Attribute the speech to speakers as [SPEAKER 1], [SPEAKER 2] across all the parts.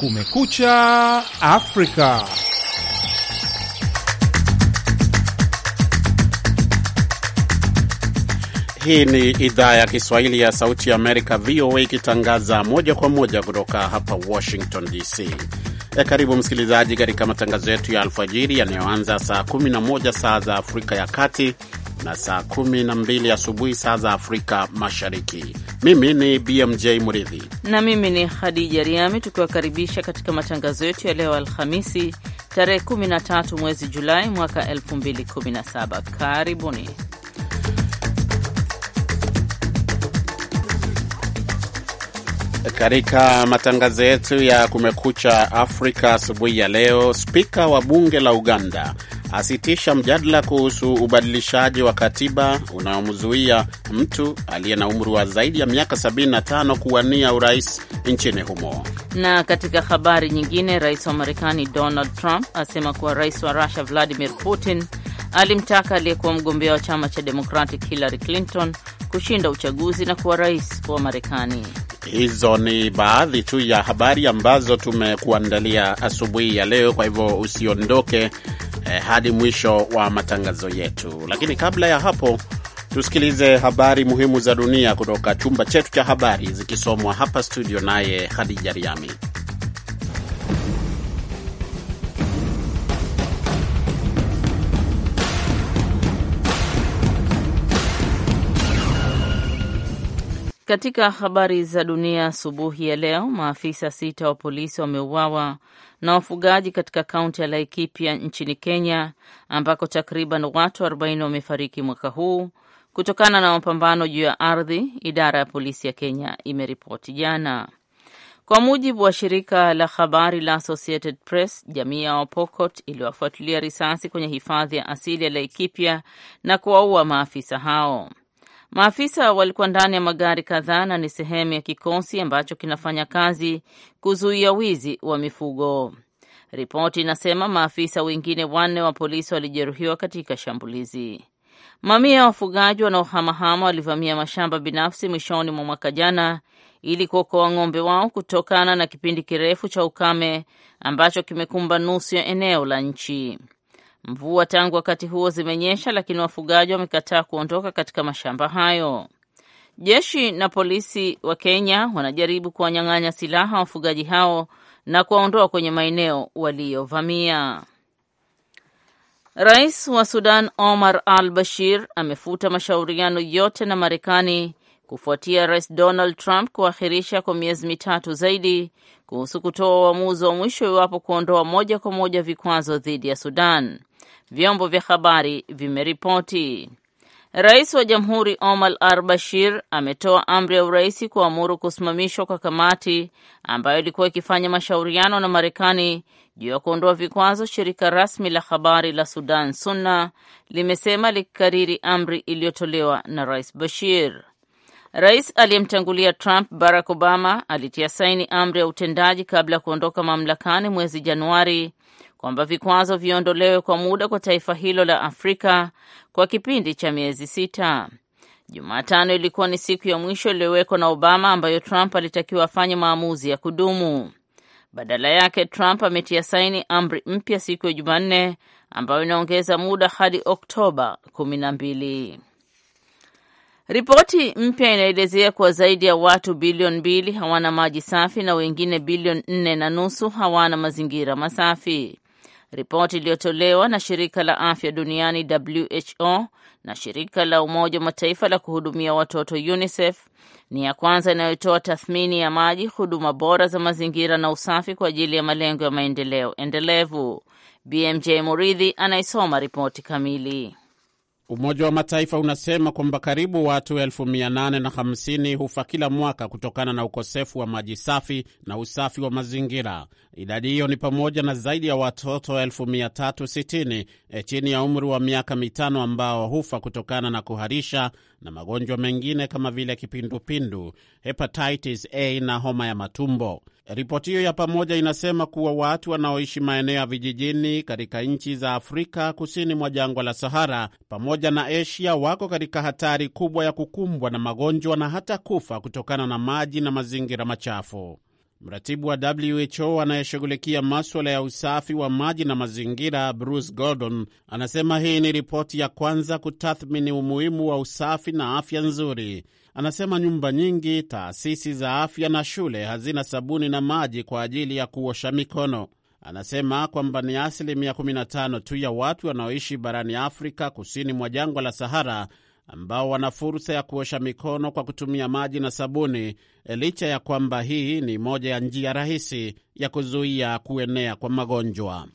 [SPEAKER 1] Kumekucha Afrika. Hii ni idhaa ya Kiswahili ya Sauti ya Amerika, VOA, ikitangaza moja kwa moja kutoka hapa Washington DC. E, karibu msikilizaji katika matangazo yetu ya alfajiri yanayoanza saa 11 saa za Afrika ya Kati na saa 12 asubuhi saa za Afrika Mashariki. Mimi ni BMJ Muridhi
[SPEAKER 2] na mimi ni Khadija Riami, tukiwakaribisha katika matangazo yetu ya leo Alhamisi tarehe 13 mwezi Julai mwaka 2017. Karibuni.
[SPEAKER 1] Katika matangazo yetu ya Kumekucha Afrika asubuhi ya leo, spika wa bunge la Uganda asitisha mjadala kuhusu ubadilishaji wa katiba unaomzuia mtu aliye na umri wa zaidi ya miaka 75 kuwania urais nchini humo.
[SPEAKER 2] Na katika habari nyingine, rais wa Marekani Donald Trump asema kuwa rais wa Russia Vladimir Putin alimtaka aliyekuwa mgombea wa chama cha Democratic Hillary Clinton kushinda uchaguzi na kuwa rais wa Marekani.
[SPEAKER 1] Hizo ni baadhi tu ya habari ambazo tumekuandalia asubuhi ya leo, kwa hivyo usiondoke eh, hadi mwisho wa matangazo yetu. Lakini kabla ya hapo, tusikilize habari muhimu za dunia kutoka chumba chetu cha habari zikisomwa hapa studio naye Hadija Riami.
[SPEAKER 2] Katika habari za dunia asubuhi ya leo, maafisa sita wa polisi wameuawa na wafugaji katika kaunti ya Laikipia nchini Kenya, ambako takriban watu 40 wamefariki mwaka huu kutokana na mapambano juu ya ardhi, idara ya polisi ya Kenya imeripoti jana. Kwa mujibu wa shirika la habari la Associated Press, jamii ya Wapokot iliwafuatilia risasi kwenye hifadhi ya asili ya Laikipia na kuwaua maafisa hao. Maafisa walikuwa ndani ya magari kadhaa na ni sehemu ya kikosi ambacho kinafanya kazi kuzuia wizi wa mifugo. Ripoti inasema maafisa wengine wanne wa polisi walijeruhiwa katika shambulizi. Mamia ya wafugaji wanaohamahama walivamia mashamba binafsi mwishoni mwa mwaka jana ili kuokoa ng'ombe wao kutokana na kipindi kirefu cha ukame ambacho kimekumba nusu ya eneo la nchi. Mvua tangu wakati huo zimenyesha, lakini wafugaji wamekataa kuondoka katika mashamba hayo. Jeshi na polisi wa Kenya wanajaribu kuwanyang'anya silaha wafugaji hao na kuwaondoa kwenye maeneo waliyovamia. Rais wa Sudan Omar al Bashir amefuta mashauriano yote na Marekani kufuatia Rais Donald Trump kuahirisha kwa miezi mitatu zaidi kuhusu kutoa uamuzi wa mwisho iwapo kuondoa moja kwa moja vikwazo dhidi ya Sudan vyombo vya habari vimeripoti. Rais wa jamhuri Omar al Bashir ametoa amri ya uraisi kuamuru kusimamishwa kwa kamati ambayo ilikuwa ikifanya mashauriano na Marekani juu ya kuondoa vikwazo. Shirika rasmi la habari la Sudan Sunna limesema likikariri amri iliyotolewa na Rais Bashir. Rais aliyemtangulia Trump, Barack Obama, alitia saini amri ya utendaji kabla ya kuondoka mamlakani mwezi Januari kwamba vikwazo viondolewe kwa muda kwa taifa hilo la Afrika kwa kipindi cha miezi sita. Jumatano ilikuwa ni siku ya mwisho iliyowekwa na Obama ambayo Trump alitakiwa afanye maamuzi ya kudumu. Badala yake, Trump ametia saini amri mpya siku ya Jumanne ambayo inaongeza muda hadi Oktoba kumi na mbili. Ripoti mpya inaelezea kuwa zaidi ya watu bilioni mbili hawana maji safi na wengine bilioni nne na nusu hawana mazingira masafi. Ripoti iliyotolewa na shirika la afya duniani WHO na shirika la Umoja wa Mataifa la kuhudumia watoto UNICEF ni ya kwanza inayotoa tathmini ya maji, huduma bora za mazingira na usafi kwa ajili ya malengo ya maendeleo endelevu. BMJ Muridhi anaisoma ripoti kamili.
[SPEAKER 1] Umoja wa Mataifa unasema kwamba karibu watu 850 hufa kila mwaka kutokana na ukosefu wa maji safi na usafi wa mazingira. Idadi hiyo ni pamoja na zaidi ya watoto 360 e, chini ya umri wa miaka mitano ambao hufa kutokana na kuharisha na magonjwa mengine kama vile kipindupindu, hepatitis A na homa ya matumbo. Ripoti hiyo ya pamoja inasema kuwa watu wanaoishi maeneo ya vijijini katika nchi za Afrika kusini mwa jangwa la Sahara pamoja na Asia wako katika hatari kubwa ya kukumbwa na magonjwa na hata kufa kutokana na maji na mazingira machafu. Mratibu wa WHO anayeshughulikia maswala ya usafi wa maji na mazingira, Bruce Gordon, anasema hii ni ripoti ya kwanza kutathmini umuhimu wa usafi na afya nzuri. Anasema nyumba nyingi, taasisi za afya na shule hazina sabuni na maji kwa ajili ya kuosha mikono. Anasema kwamba ni asilimia 15 tu ya watu wanaoishi barani Afrika kusini mwa jangwa la Sahara ambao wana fursa ya kuosha mikono kwa kutumia maji na sabuni, licha ya kwamba hii ni moja ya njia rahisi ya kuzuia kuenea kwa magonjwa.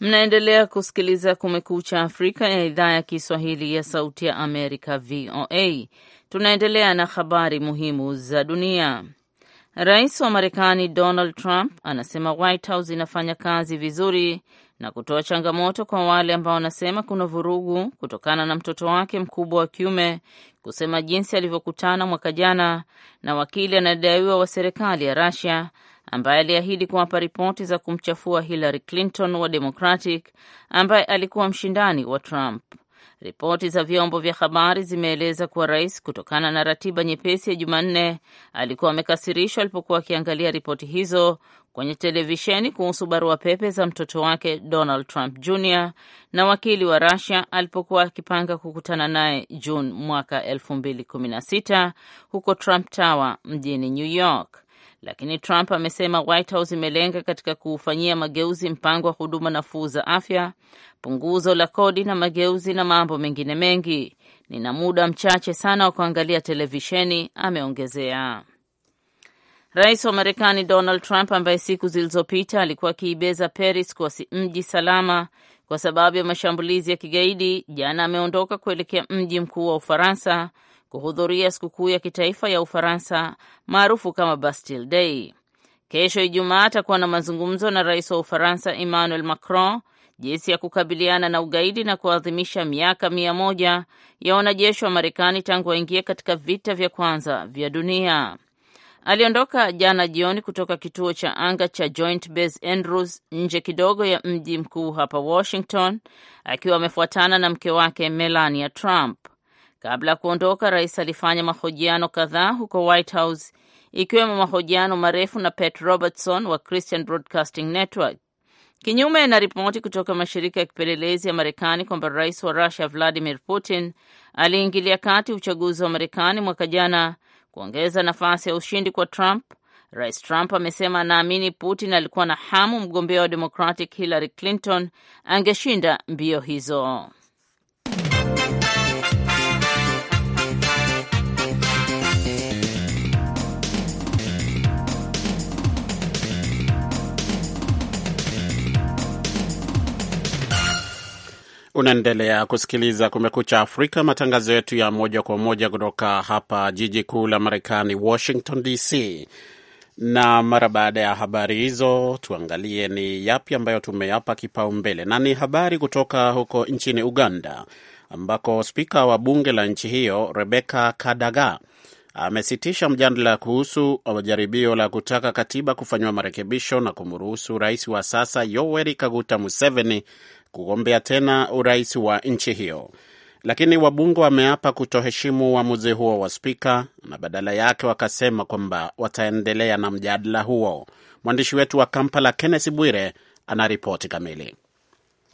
[SPEAKER 2] Mnaendelea kusikiliza Kumekucha Afrika ya idhaa ya Kiswahili ya Sauti ya Amerika, VOA. Tunaendelea na habari muhimu za dunia. Rais wa Marekani Donald Trump anasema White House inafanya kazi vizuri na kutoa changamoto kwa wale ambao wanasema kuna vurugu kutokana na mtoto wake mkubwa wa kiume kusema jinsi alivyokutana mwaka jana na wakili anadaiwa wa serikali ya Russia ambaye aliahidi kuwapa ripoti za kumchafua Hillary Clinton wa Democratic ambaye alikuwa mshindani wa Trump. Ripoti za vyombo vya habari zimeeleza kuwa rais, kutokana na ratiba nyepesi ya Jumanne, alikuwa amekasirishwa alipokuwa akiangalia ripoti hizo kwenye televisheni kuhusu barua pepe za mtoto wake Donald Trump Jr na wakili wa rusia alipokuwa akipanga kukutana naye Juni mwaka 2016 huko Trump Tower mjini New York lakini Trump amesema White House imelenga katika kuufanyia mageuzi mpango wa huduma nafuu za afya, punguzo la kodi na mageuzi na mambo mengine mengi. Nina muda mchache sana wa kuangalia televisheni, ameongezea. Rais wa Marekani Donald Trump ambaye siku zilizopita alikuwa akiibeza Paris kuwa mji salama kwa sababu ya mashambulizi ya kigaidi, jana ameondoka kuelekea mji mkuu wa Ufaransa kuhudhuria sikukuu ya kitaifa ya Ufaransa maarufu kama Bastille Day. Kesho Ijumaa atakuwa na mazungumzo na rais wa Ufaransa Emmanuel Macron jinsi ya kukabiliana na ugaidi na kuadhimisha miaka mia moja ya wanajeshi wa Marekani tangu waingie katika vita vya kwanza vya dunia. Aliondoka jana jioni kutoka kituo cha anga cha Joint Base Andrews nje kidogo ya mji mkuu hapa Washington, akiwa amefuatana na mke wake Melania Trump. Kabla ya kuondoka, rais alifanya mahojiano kadhaa huko White House, ikiwemo mahojiano marefu na Pat Robertson wa Christian Broadcasting Network. Kinyume na ripoti kutoka mashirika ya kipelelezi ya Marekani kwamba rais wa rusia Vladimir Putin aliingilia kati uchaguzi wa Marekani mwaka jana kuongeza nafasi ya ushindi kwa Trump, Rais Trump amesema anaamini Putin alikuwa na hamu mgombea wa Democratic Hillary Clinton angeshinda mbio hizo.
[SPEAKER 1] Unaendelea kusikiliza Kumekucha Afrika, matangazo yetu ya moja kwa moja kutoka hapa jiji kuu la Marekani, Washington DC. Na mara baada ya habari hizo, tuangalie ni yapi ambayo tumeyapa kipaumbele, na ni habari kutoka huko nchini Uganda, ambako spika wa bunge la nchi hiyo Rebecca Kadaga amesitisha mjadala kuhusu jaribio la kutaka katiba kufanyiwa marekebisho na kumruhusu rais wa sasa Yoweri Kaguta Museveni kugombea tena urais wa nchi hiyo, lakini wabunge wameapa kutoheshimu uamuzi huo wa spika na badala yake wakasema kwamba wataendelea na mjadala huo. Mwandishi wetu wa Kampala Kenneth Bwire ana ripoti kamili.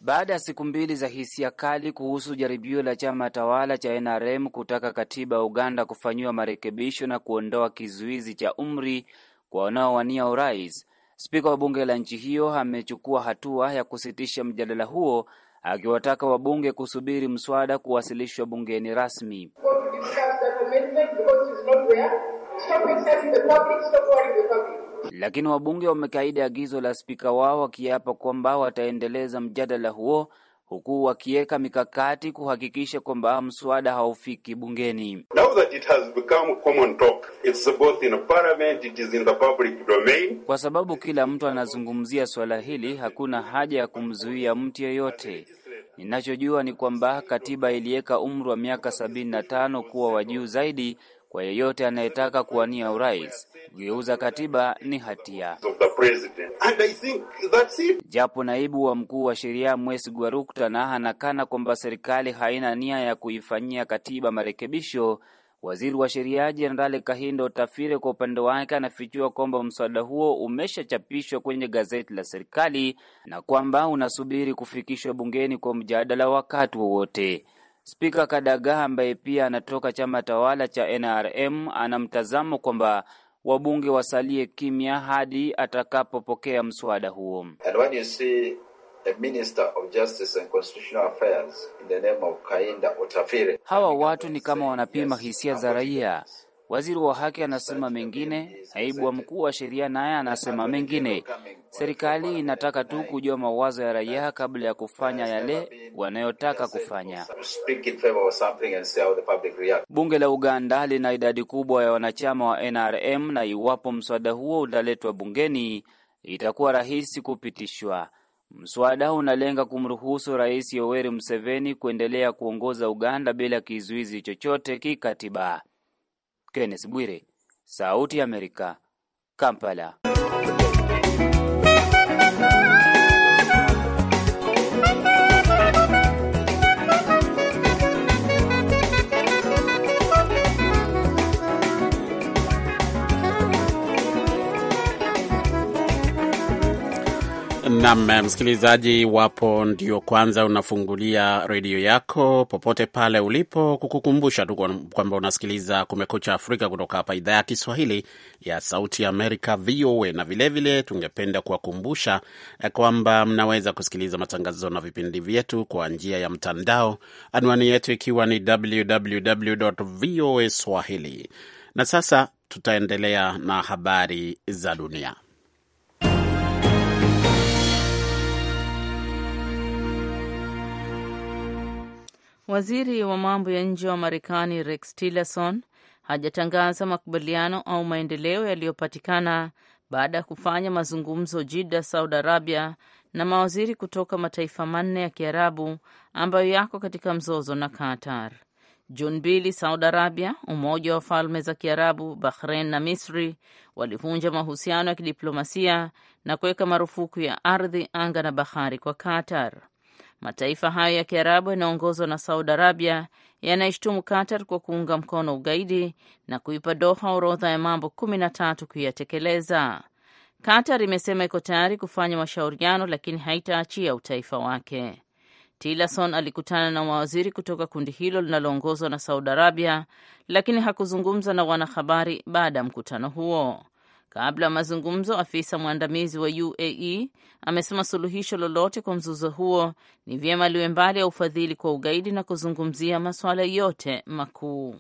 [SPEAKER 3] Baada ya siku mbili za hisia kali kuhusu jaribio la chama tawala cha NRM kutaka katiba ya Uganda kufanyiwa marekebisho na kuondoa kizuizi cha umri kwa wanaowania urais, Spika wa bunge la nchi hiyo amechukua hatua ya kusitisha mjadala huo akiwataka wabunge kusubiri mswada kuwasilishwa bungeni rasmi. Lakini wabunge wamekaidi agizo la spika wao wakiapa kwamba wataendeleza mjadala huo huku wakiweka mikakati kuhakikisha kwamba mswada haufiki bungeni. Kwa sababu kila mtu anazungumzia swala hili, hakuna haja ya kumzuia mtu yeyote. Ninachojua ni kwamba katiba iliweka umri wa miaka sabini na tano kuwa wa juu zaidi kwa yeyote anayetaka kuwania urais. Kugeuza katiba ni hatia. Japo naibu wa mkuu wa sheria Gwarukta na anakana kwamba serikali haina nia ya kuifanyia katiba marekebisho, waziri wa sheria Jenerali Kahindo Tafire kwa upande wake anafichua kwamba mswada huo umeshachapishwa kwenye gazeti la serikali na kwamba unasubiri kufikishwa bungeni kwa mjadala wakati wowote. Spika Kadaga ambaye pia anatoka chama tawala cha NRM ana mtazamo kwamba wabunge wasalie kimya hadi atakapopokea mswada huo. Hawa watu ni kama wanapima hisia za raia. Waziri wa haki anasema mengine, naibu wa mkuu wa sheria naye anasema mengine. Serikali inataka tu kujua mawazo ya raia kabla ya kufanya yale wanayotaka kufanya. Bunge la Uganda lina idadi kubwa ya wanachama wa NRM na iwapo mswada huo utaletwa bungeni, itakuwa rahisi kupitishwa. Mswada unalenga kumruhusu Rais Yoweri Museveni kuendelea kuongoza Uganda bila kizuizi chochote kikatiba. Kenneth Bwire, Sauti ya Amerika, Kampala.
[SPEAKER 1] Nam msikilizaji wapo ndio kwanza unafungulia redio yako popote pale ulipo, kukukumbusha tu kwamba unasikiliza Kumekucha Afrika kutoka hapa idhaa ya Kiswahili ya Sauti ya Amerika, VOA, na vilevile vile, tungependa kuwakumbusha eh, kwamba mnaweza kusikiliza matangazo na vipindi vyetu kwa njia ya mtandao, anwani yetu ikiwa ni www voa swahili. Na sasa tutaendelea na habari za dunia.
[SPEAKER 2] Waziri wa mambo ya nje wa Marekani Rex Tillerson hajatangaza makubaliano au maendeleo yaliyopatikana baada ya kufanya mazungumzo Jida, Saudi Arabia, na mawaziri kutoka mataifa manne ya Kiarabu ambayo yako katika mzozo na Qatar. Juni mbili, Saudi Arabia, Umoja wa Falme za Kiarabu, Bahrain na Misri walivunja mahusiano ya kidiplomasia na kuweka marufuku ya ardhi, anga na bahari kwa Qatar. Mataifa hayo ya Kiarabu yanayoongozwa na Saudi Arabia yanaishtumu Qatar kwa kuunga mkono ugaidi na kuipa Doha orodha ya mambo kumi na tatu kuyatekeleza. Qatar imesema iko tayari kufanya mashauriano lakini haitaachia utaifa wake. Tillerson alikutana na mawaziri kutoka kundi hilo linaloongozwa na Saudi Arabia, lakini hakuzungumza na wanahabari baada ya mkutano huo. Kabla ya mazungumzo, afisa mwandamizi wa UAE amesema suluhisho lolote kwa mzozo huo ni vyema liwe mbali ya ufadhili kwa ugaidi na kuzungumzia masuala yote makuu.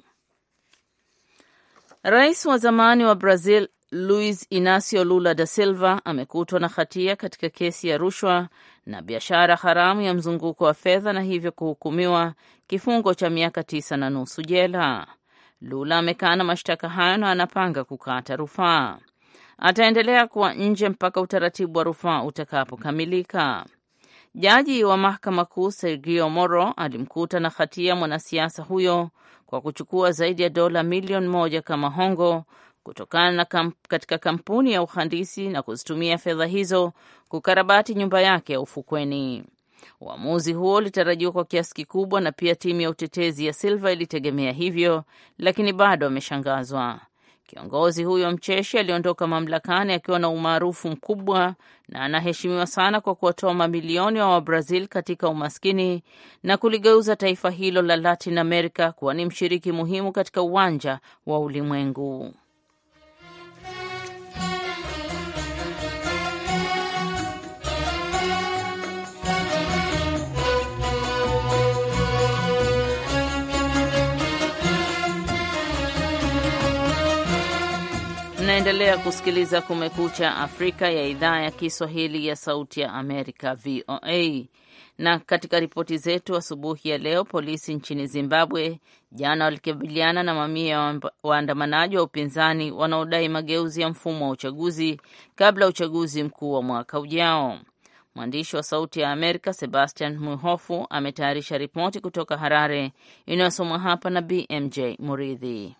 [SPEAKER 2] Rais wa zamani wa Brazil luis Inacio Lula da Silva amekutwa na hatia katika kesi ya rushwa na biashara haramu ya mzunguko wa fedha na hivyo kuhukumiwa kifungo cha miaka tisa na nusu jela. Lula amekana mashtaka hayo na anapanga kukata rufaa ataendelea kuwa nje mpaka utaratibu wa rufaa utakapokamilika. Jaji wa mahakama kuu Sergio Moro alimkuta na hatia mwanasiasa huyo kwa kuchukua zaidi ya dola milioni moja kama hongo kutokana na kamp, katika kampuni ya uhandisi na kuzitumia fedha hizo kukarabati nyumba yake ya ufukweni. Uamuzi huo ulitarajiwa kwa kiasi kikubwa, na pia timu ya utetezi ya Silva ilitegemea hivyo, lakini bado ameshangazwa. Kiongozi huyo mcheshi aliondoka mamlakani akiwa na umaarufu mkubwa na anaheshimiwa sana kwa kuwatoa mamilioni wa Wabrazil katika umaskini na kuligeuza taifa hilo la Latin America kuwa ni mshiriki muhimu katika uwanja wa ulimwengu. Unaendelea kusikiliza Kumekucha Afrika ya idhaa ya Kiswahili ya Sauti ya Amerika, VOA. Na katika ripoti zetu asubuhi ya leo, polisi nchini Zimbabwe jana walikabiliana na mamia ya waandamanaji wa upinzani wanaodai mageuzi ya mfumo wa uchaguzi kabla uchaguzi mkuu wa mwaka ujao. Mwandishi wa Sauti ya Amerika Sebastian Muhofu ametayarisha ripoti kutoka Harare inayosomwa hapa na BMJ Muridhi.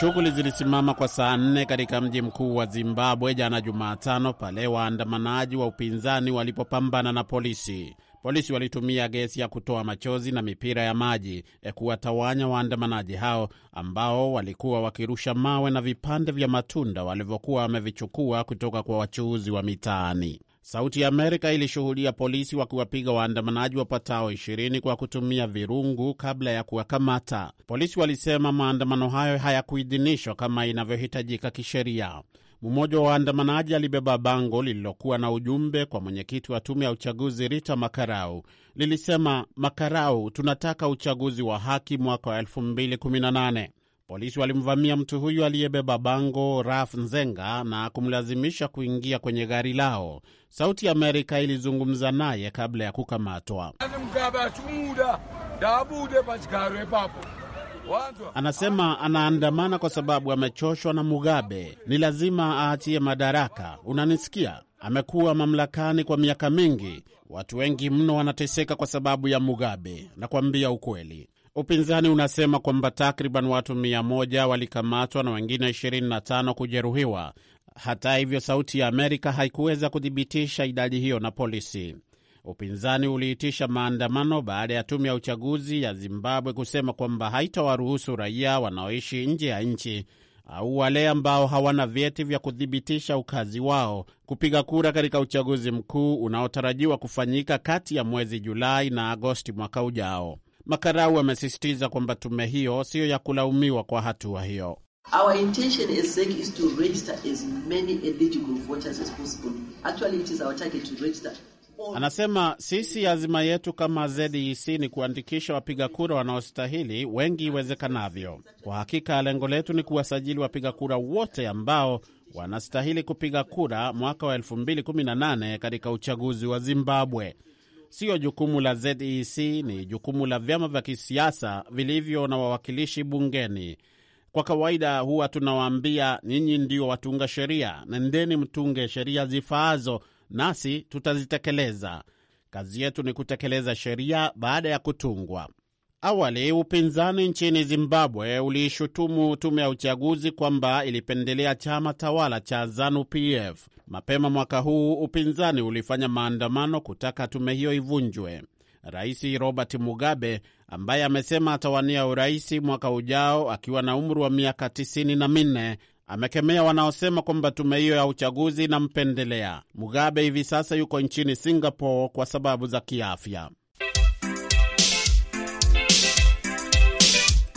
[SPEAKER 1] Shughuli zilisimama kwa saa nne katika mji mkuu wa Zimbabwe jana Jumatano, pale waandamanaji wa upinzani walipopambana na polisi. Polisi walitumia gesi ya kutoa machozi na mipira ya maji ya eh, kuwatawanya waandamanaji hao ambao walikuwa wakirusha mawe na vipande vya matunda walivyokuwa wamevichukua kutoka kwa wachuuzi wa mitaani. Sauti ya Amerika ilishuhudia polisi wakiwapiga waandamanaji wapatao 20 kwa kutumia virungu kabla ya kuwakamata. Polisi walisema maandamano hayo hayakuidhinishwa kama inavyohitajika kisheria. Mmoja wa waandamanaji alibeba bango lililokuwa na ujumbe kwa mwenyekiti wa tume ya uchaguzi Rita Makarau. Lilisema, Makarau, tunataka uchaguzi wa haki mwaka wa 2018. Polisi walimvamia mtu huyu aliyebeba bango Raf Nzenga na kumlazimisha kuingia kwenye gari lao. Sauti ya Amerika ilizungumza naye kabla ya kukamatwa. Anasema anaandamana kwa sababu amechoshwa na Mugabe, ni lazima aachie madaraka. Unanisikia? Amekuwa mamlakani kwa miaka mingi, watu wengi mno wanateseka kwa sababu ya Mugabe. Nakwambia ukweli. Upinzani unasema kwamba takriban watu 100 walikamatwa na wengine 25 kujeruhiwa. Hata hivyo, Sauti ya Amerika haikuweza kuthibitisha idadi hiyo na polisi. Upinzani uliitisha maandamano baada ya tume ya uchaguzi ya Zimbabwe kusema kwamba haitawaruhusu raia wanaoishi nje ya nchi au wale ambao hawana vyeti vya kuthibitisha ukazi wao kupiga kura katika uchaguzi mkuu unaotarajiwa kufanyika kati ya mwezi Julai na Agosti mwaka ujao. Makarau amesisitiza kwamba tume hiyo siyo ya kulaumiwa kwa hatua hiyo. Anasema sisi azima yetu kama ZEC ni kuandikisha wapiga kura wanaostahili wengi iwezekanavyo. Kwa hakika lengo letu ni kuwasajili wapiga kura wote ambao wanastahili kupiga kura mwaka wa 2018 katika uchaguzi wa Zimbabwe siyo jukumu la ZEC, ni jukumu la vyama vya kisiasa vilivyo na wawakilishi bungeni. Kwa kawaida huwa tunawaambia nyinyi ndio watunga sheria, nendeni mtunge sheria zifaazo, nasi tutazitekeleza. Kazi yetu ni kutekeleza sheria baada ya kutungwa. Awali upinzani nchini Zimbabwe uliishutumu tume ya uchaguzi kwamba ilipendelea chama tawala cha ZANU-PF. Mapema mwaka huu upinzani ulifanya maandamano kutaka tume hiyo ivunjwe. Rais Robert Mugabe ambaye amesema atawania urais mwaka ujao akiwa na umri wa miaka tisini na minne amekemea wanaosema kwamba tume hiyo ya uchaguzi inampendelea. Mugabe hivi sasa yuko nchini Singapore kwa sababu za kiafya.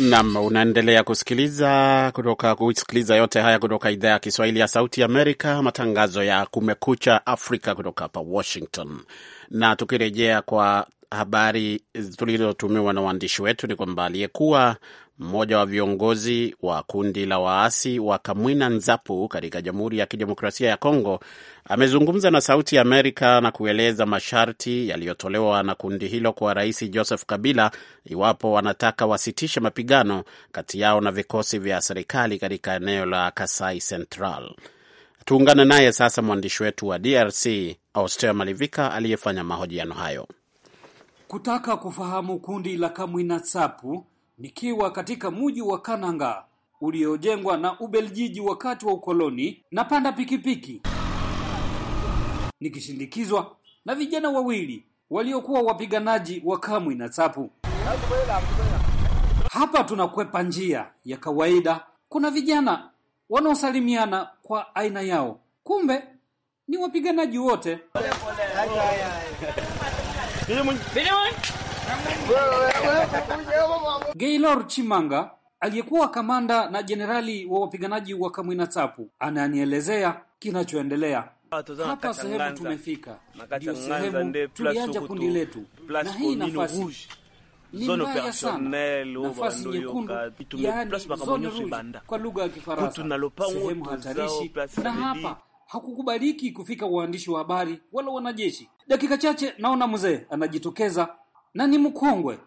[SPEAKER 1] nam unaendelea kusikiliza kutoka kusikiliza yote haya kutoka idhaa ya Kiswahili ya Sauti Amerika, matangazo ya Kumekucha Afrika kutoka hapa Washington. Na tukirejea kwa habari tulizotumiwa na waandishi wetu ni kwamba aliyekuwa mmoja wa viongozi wa kundi la waasi wa Kamwina Nzapu katika Jamhuri ya Kidemokrasia ya Kongo amezungumza na Sauti ya Amerika na kueleza masharti yaliyotolewa na kundi hilo kwa Rais Joseph Kabila iwapo wanataka wasitishe mapigano kati yao na vikosi vya serikali katika eneo la Kasai Central. Tuungane naye sasa mwandishi wetu wa DRC austea Malivika aliyefanya mahojiano hayo
[SPEAKER 4] kutaka kufahamu kundi la Kamwina Sapu nikiwa katika muji wa Kananga uliojengwa na Ubeljiji wakati wa ukoloni. Napanda pikipiki nikishindikizwa na vijana wawili waliokuwa wapiganaji wa Kamwina Sapu. Hapa tunakwepa njia ya kawaida. Kuna vijana wanaosalimiana kwa aina yao, kumbe ni wapiganaji wote. Gaylor Chimanga aliyekuwa kamanda na jenerali wa wapiganaji wa Kamwina Tapu ananielezea kinachoendelea. Ah, hapa sehemu tumefika, ndio sehemu tulianja kundi letu, na hii nafasi
[SPEAKER 2] ni mbaya sana, nafasi nyekundu, yaani zone rouge
[SPEAKER 4] kwa lugha ya Kifaransa, sehemu hatarishi, na hapa hakukubaliki kufika waandishi wa habari wala wanajeshi. Dakika chache naona mzee anajitokeza na ni mkongwe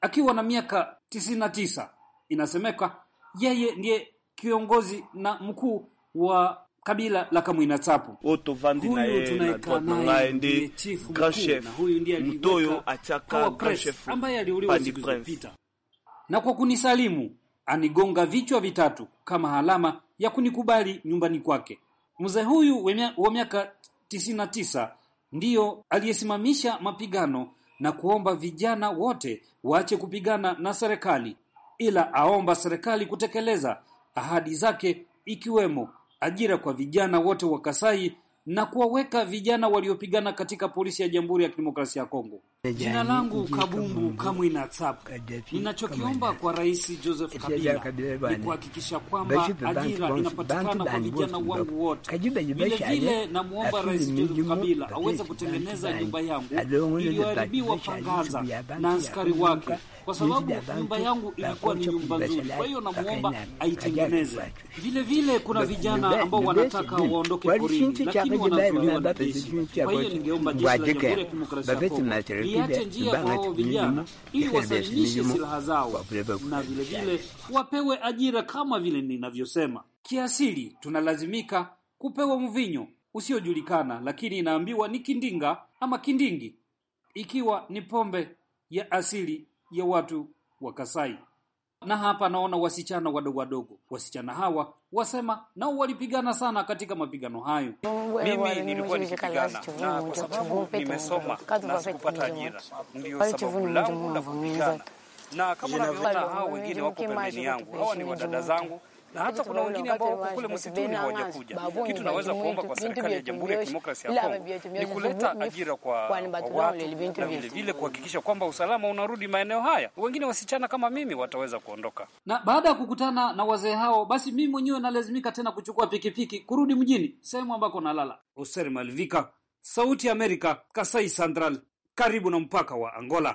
[SPEAKER 4] akiwa na miaka tisini na tisa. Inasemeka yeye ndiye kiongozi na mkuu wa kabila la Kamwina Tapu. Huyu tunayekaa naye ndiye chifu mkuu, na huyu ndiye mtoyo Power ambaye aliuliwa siku zilizopita. Na kwa kunisalimu anigonga vichwa vitatu kama alama ya kunikubali nyumbani kwake. Mzee huyu wa miaka 99 tisa ndiyo aliyesimamisha mapigano na kuomba vijana wote waache kupigana na serikali, ila aomba serikali kutekeleza ahadi zake ikiwemo ajira kwa vijana wote wa Kasai na kuwaweka vijana waliopigana katika polisi ya Jamhuri ya Kidemokrasia ya Kongo. Jina langu Kabumbu Kamwina Tsap. Ninachokiomba kwa Rais Joseph Kabila ni kuhakikisha kwamba ajira inapatikana kwa vijana wangu wote. Vilevile namwomba Rais Joseph Kabila aweze kutengeneza nyumba yangu iliyoharibiwa Pangaza na askari wake kwa sababu nyumba yangu ilikuwa ni nyumba nzuri, kwa hiyo namwomba aitengeneze. Vile vile kuna vijana ambao wanataka waondoke porini, lakini wanazuiliwa na jeshi. Kwa hiyo ningeomba jeshi la Jamhuri ya Kidemokrasia ya Kongo liache njia kwa hao vijana ili wasalimishe silaha zao na vile vile wapewe ajira. Kama vile ninavyosema, kiasili tunalazimika kupewa mvinyo usiojulikana, lakini inaambiwa ni kindinga ama kindingi, ikiwa ni pombe ya asili ya watu wa Kasai. Na hapa naona wasichana wadogo wadogo. Wasichana hawa wasema nao walipigana sana katika mapigano hayo. Mimi nilikuwa nikipigana na kwa sababu nimesoma na sikupata ajira, ndio sababu langu la kupigana. Na kama unavyoona hao wengine wako pembeni yangu, hawa ni wadada zangu
[SPEAKER 2] na hata kuna wengine ambao wako kule msituni hawajakuja. Kitu naweza kuomba kwa serikali ya Jamhuri ya Kidemokrasia ya Kongo ni kuleta ajira kwa watu
[SPEAKER 4] na kuhakikisha kwamba usalama unarudi maeneo haya. Wengine wasichana kama mimi wataweza kuondoka. Na baada ya kukutana na wazee hao, basi mimi mwenyewe nalazimika tena kuchukua pikipiki kurudi mjini, sehemu ambako nalala. Hoser Malvika, Sauti ya Amerika, Kasai Central, karibu na mpaka wa Angola.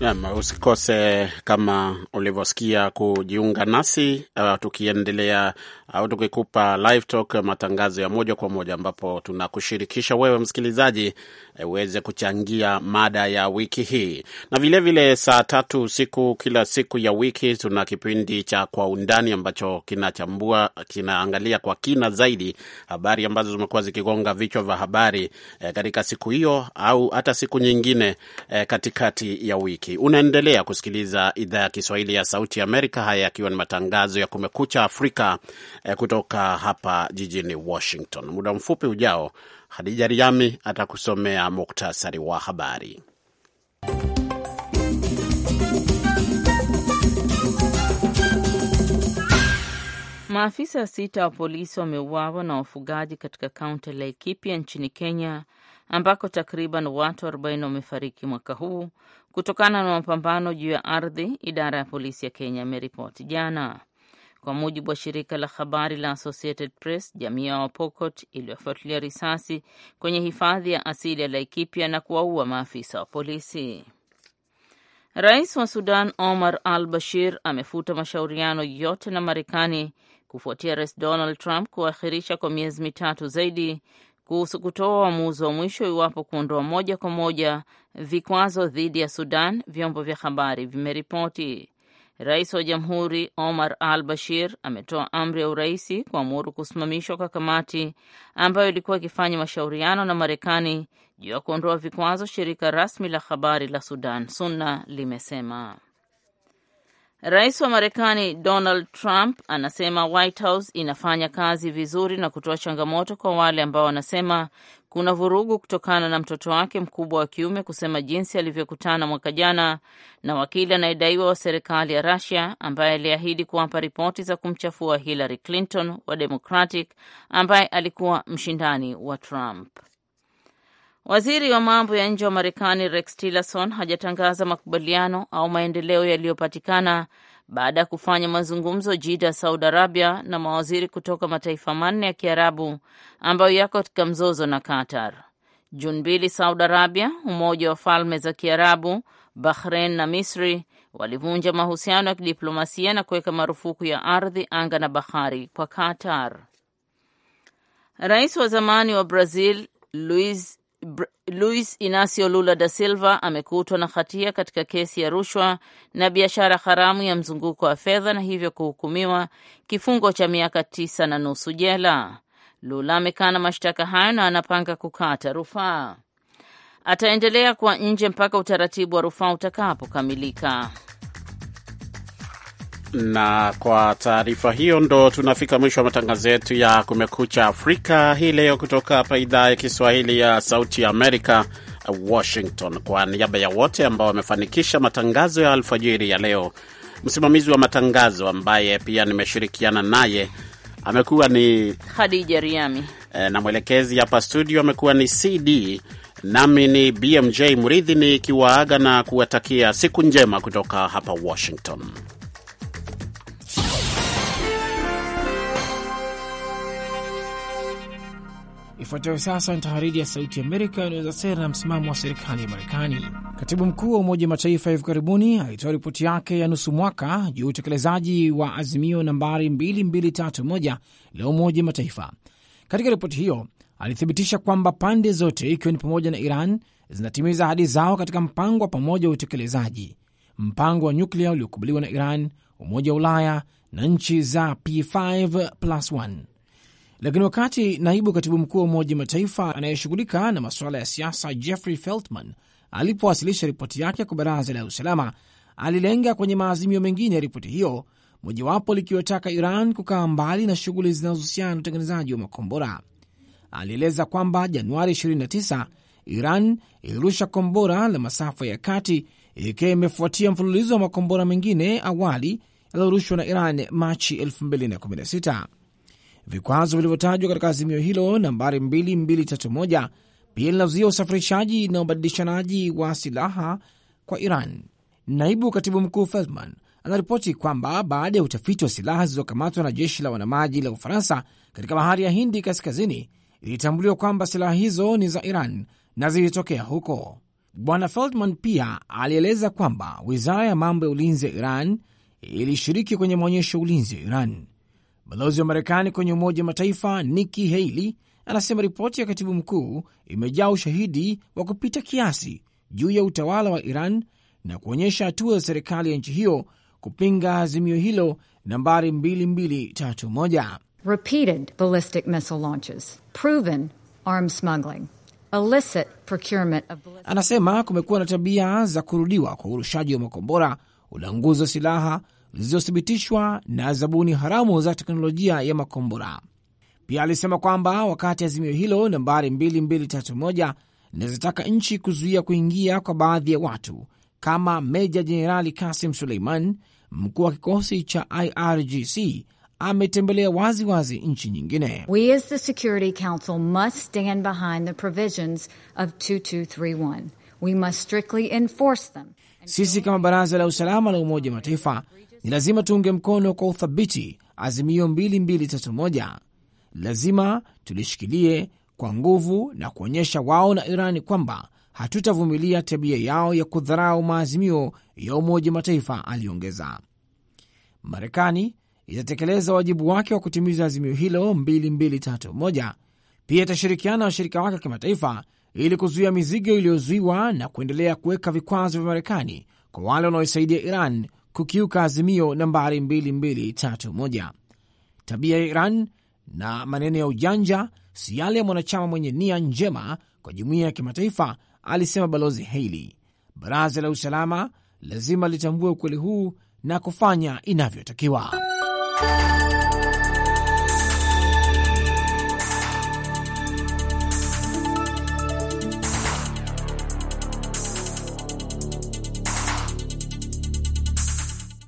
[SPEAKER 1] Nam, usikose kama ulivyosikia kujiunga nasi uh, tukiendelea au tukikupa live talk, matangazo ya moja kwa moja, ambapo tunakushirikisha wewe msikilizaji eh, uweze kuchangia mada ya wiki hii, na vilevile vile saa tatu usiku kila siku ya wiki tuna kipindi cha Kwa Undani ambacho kinachambua, kinaangalia kwa kina zaidi habari ambazo zimekuwa zikigonga vichwa vya habari e, katika siku hiyo au hata siku nyingine e, katikati ya wiki. Unaendelea kusikiliza idhaa ya Kiswahili ya Sauti ya Amerika, haya yakiwa ni matangazo ya Kumekucha Afrika Eh, kutoka hapa jijini Washington. Muda mfupi ujao, Hadija Riami atakusomea muktasari wa habari.
[SPEAKER 2] Maafisa sita wa polisi wameuawa na wafugaji katika kaunti la Laikipia nchini Kenya, ambako takriban watu 40 wamefariki mwaka huu kutokana na mapambano juu ya ardhi, idara ya polisi ya Kenya imeripoti jana. Kwa mujibu wa shirika la habari la Associated Press, jamii ya Wapokot iliyofuatilia risasi kwenye hifadhi ya asili ya Laikipia na kuwaua maafisa wa polisi. Rais wa Sudan Omar al Bashir amefuta mashauriano yote na Marekani kufuatia Rais Donald Trump kuahirisha kwa miezi mitatu zaidi kuhusu kutoa uamuzi wa mwisho iwapo kuondoa moja kwa moja vikwazo dhidi ya Sudan, vyombo vya habari vimeripoti. Rais wa jamhuri Omar al Bashir ametoa amri ya uraisi kuamuru kusimamishwa kwa kamati ambayo ilikuwa ikifanya mashauriano na Marekani juu ya kuondoa vikwazo, shirika rasmi la habari la Sudan Sunna limesema. Rais wa Marekani Donald Trump anasema White House inafanya kazi vizuri na kutoa changamoto kwa wale ambao wanasema kuna vurugu kutokana na mtoto wake mkubwa wa kiume kusema jinsi alivyokutana mwaka jana na wakili anayedaiwa wa serikali ya rasia ambaye aliahidi kuwapa ripoti za kumchafua Hillary Clinton wa Democratic ambaye alikuwa mshindani wa Trump. Waziri wa mambo ya nje wa Marekani Rex Tillerson hajatangaza makubaliano au maendeleo yaliyopatikana baada ya kufanya mazungumzo Jida, Saudi Arabia, na mawaziri kutoka mataifa manne ya Kiarabu ambayo yako katika mzozo na Qatar. Juni mbili, Saudi Arabia, Umoja wa Falme za Kiarabu, Bahrain na Misri walivunja mahusiano ya kidiplomasia na kuweka marufuku ya ardhi, anga na bahari kwa Qatar. Rais wa zamani wa Brazil luis Luis Inacio Lula da Silva amekutwa na hatia katika kesi ya rushwa na biashara haramu ya mzunguko wa fedha na hivyo kuhukumiwa kifungo cha miaka tisa na nusu jela. Lula amekana mashtaka hayo na anapanga kukata rufaa. Ataendelea kuwa nje mpaka utaratibu wa rufaa utakapokamilika
[SPEAKER 1] na kwa taarifa hiyo ndo tunafika mwisho wa matangazo yetu ya Kumekucha Afrika hii leo kutoka hapa idhaa ya Kiswahili ya Sauti Amerika, Washington. Kwa niaba ya wote ambao wamefanikisha matangazo ya alfajiri ya leo, msimamizi wa matangazo ambaye pia nimeshirikiana naye amekuwa ni
[SPEAKER 2] Hadija Riami
[SPEAKER 1] eh, na mwelekezi hapa studio amekuwa ni CD nami ni BMJ mridhi nikiwaaga na kuwatakia siku njema kutoka hapa Washington.
[SPEAKER 5] Ifuatayo sasa ni tahariri ya Sauti ya Amerika inaweza sera na msimamo wa serikali ya Marekani. Katibu mkuu wa Umoja Mataifa hivi karibuni alitoa ripoti yake ya nusu mwaka juu ya utekelezaji wa azimio nambari 2231 la Umoja Mataifa. Katika ripoti hiyo alithibitisha kwamba pande zote ikiwa ni pamoja na Iran zinatimiza ahadi zao katika mpango wa pamoja wa utekelezaji, mpango wa nyuklia uliokubaliwa na Iran, Umoja wa Ulaya na nchi za P5+1. Lakini wakati naibu katibu mkuu wa Umoja Mataifa anayeshughulika na masuala ya siasa Jeffrey Feltman alipowasilisha ripoti yake kwa Baraza la Usalama, alilenga kwenye maazimio mengine ya ripoti hiyo, mojawapo likiwataka Iran kukaa mbali na shughuli zinazohusiana na utengenezaji wa makombora. Alieleza kwamba Januari 29 Iran ilirusha kombora la masafa ya kati ikiwa imefuatia mfululizo wa makombora mengine awali yaliyorushwa na Iran Machi 2016. Vikwazo vilivyotajwa katika azimio hilo nambari 2231 pia linazuia usafirishaji na ubadilishanaji wa silaha kwa Iran. Naibu katibu mkuu Feldman anaripoti kwamba baada ya utafiti wa silaha zilizokamatwa na jeshi la wanamaji la Ufaransa katika bahari ya Hindi kaskazini, ilitambuliwa kwamba silaha hizo ni za Iran na zilitokea huko. Bwana Feldman pia alieleza kwamba wizara ya mambo ya ulinzi ya Iran ilishiriki kwenye maonyesho ya ulinzi ya Iran. Balozi wa Marekani kwenye Umoja wa Mataifa Nikki Haley anasema ripoti ya katibu mkuu imejaa ushahidi wa kupita kiasi juu ya utawala wa Iran na kuonyesha hatua za serikali ya nchi hiyo kupinga azimio hilo nambari 2231. Repeated
[SPEAKER 3] ballistic missile launches, proven arms smuggling, illicit procurement
[SPEAKER 5] of ballistic... Anasema kumekuwa na tabia za kurudiwa kwa urushaji wa makombora, ulanguzi wa silaha zilizothibitishwa na zabuni haramu za teknolojia ya makombora. Pia alisema kwamba wakati azimio hilo nambari 2231 linazotaka nchi kuzuia kuingia kwa baadhi ya watu kama Meja Jenerali Kasim Suleiman, mkuu wa kikosi cha IRGC ametembelea wazi wazi nchi nyingine.
[SPEAKER 3] We as the Security Council must stand behind the provisions of
[SPEAKER 5] 2231.
[SPEAKER 3] We must strictly enforce them.
[SPEAKER 5] Sisi kama Baraza la Usalama la Umoja wa Mataifa ni lazima tuunge mkono kwa uthabiti azimio 2231. Lazima tulishikilie kwa nguvu na kuonyesha wao na Irani kwamba hatutavumilia tabia yao ya kudharau maazimio ya Umoja Mataifa, aliongeza. Marekani itatekeleza wajibu wake wa kutimiza azimio hilo 2231. Pia itashirikiana na washirika wake wa kimataifa ili kuzuia mizigo iliyozuiwa na kuendelea kuweka vikwazo vya Marekani kwa wale wanaoisaidia Iran kukiuka azimio nambari 2231. Tabia ya Iran na maneno ya ujanja si yale ya mwanachama mwenye nia njema kwa jumuiya ya kimataifa, alisema Balozi Haley. Baraza la usalama lazima litambue ukweli huu na kufanya inavyotakiwa.